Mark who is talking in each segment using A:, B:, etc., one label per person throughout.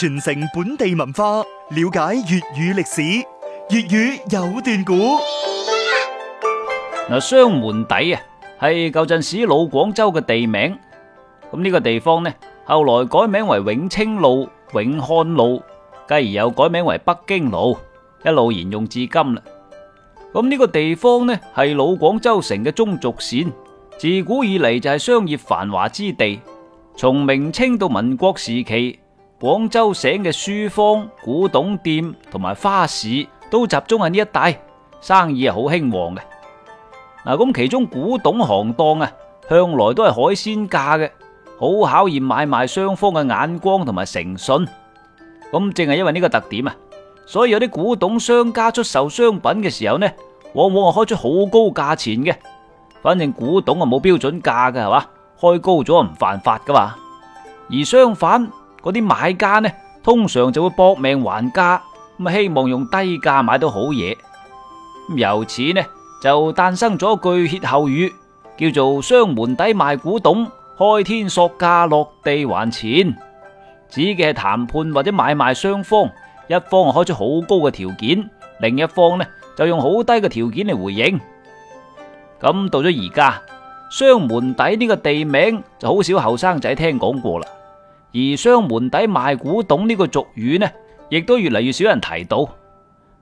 A: 傳承本地文化，了解粵語歷史，粵語有段古。嗱，雙門底啊，係舊陣時老廣州嘅地名。咁呢個地方呢，後來改名為永清路、永漢路，繼而又改名為北京路，一路沿用至今啦。咁呢個地方呢，係老廣州城嘅中軸線，自古以嚟就係商業繁華之地。從明清到民國時期，廣州城嘅書坊、古董店同埋花市都集中喺呢一帶，生意係好興旺嘅。嗱，咁其中古董行當啊，向來都係海鮮價嘅，好考驗買賣雙方嘅眼光同埋誠信。咁正係因為呢個特點啊，所以有啲古董商家出售商品嘅時候呢，往往係開出好高價錢嘅。反正古董啊冇標準價嘅係嘛，開高咗唔犯法噶嘛。而相反。嗰啲買家呢，通常就會搏命還價，咁希望用低價買到好嘢。由此呢，就誕生咗句歇後語，叫做“雙門底賣古董，開天索價，落地還錢”，指嘅係談判或者買賣雙方，一方開出好高嘅條件，另一方呢就用好低嘅條件嚟回應。咁到咗而家，雙門底呢個地名就好少後生仔聽講過啦。而雙門底賣古董呢個俗語呢，亦都越嚟越少人提到。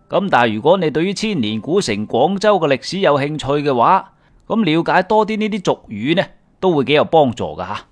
A: 咁但係如果你對於千年古城廣州嘅歷史有興趣嘅話，咁了解多啲呢啲俗語呢，都會幾有幫助噶吓。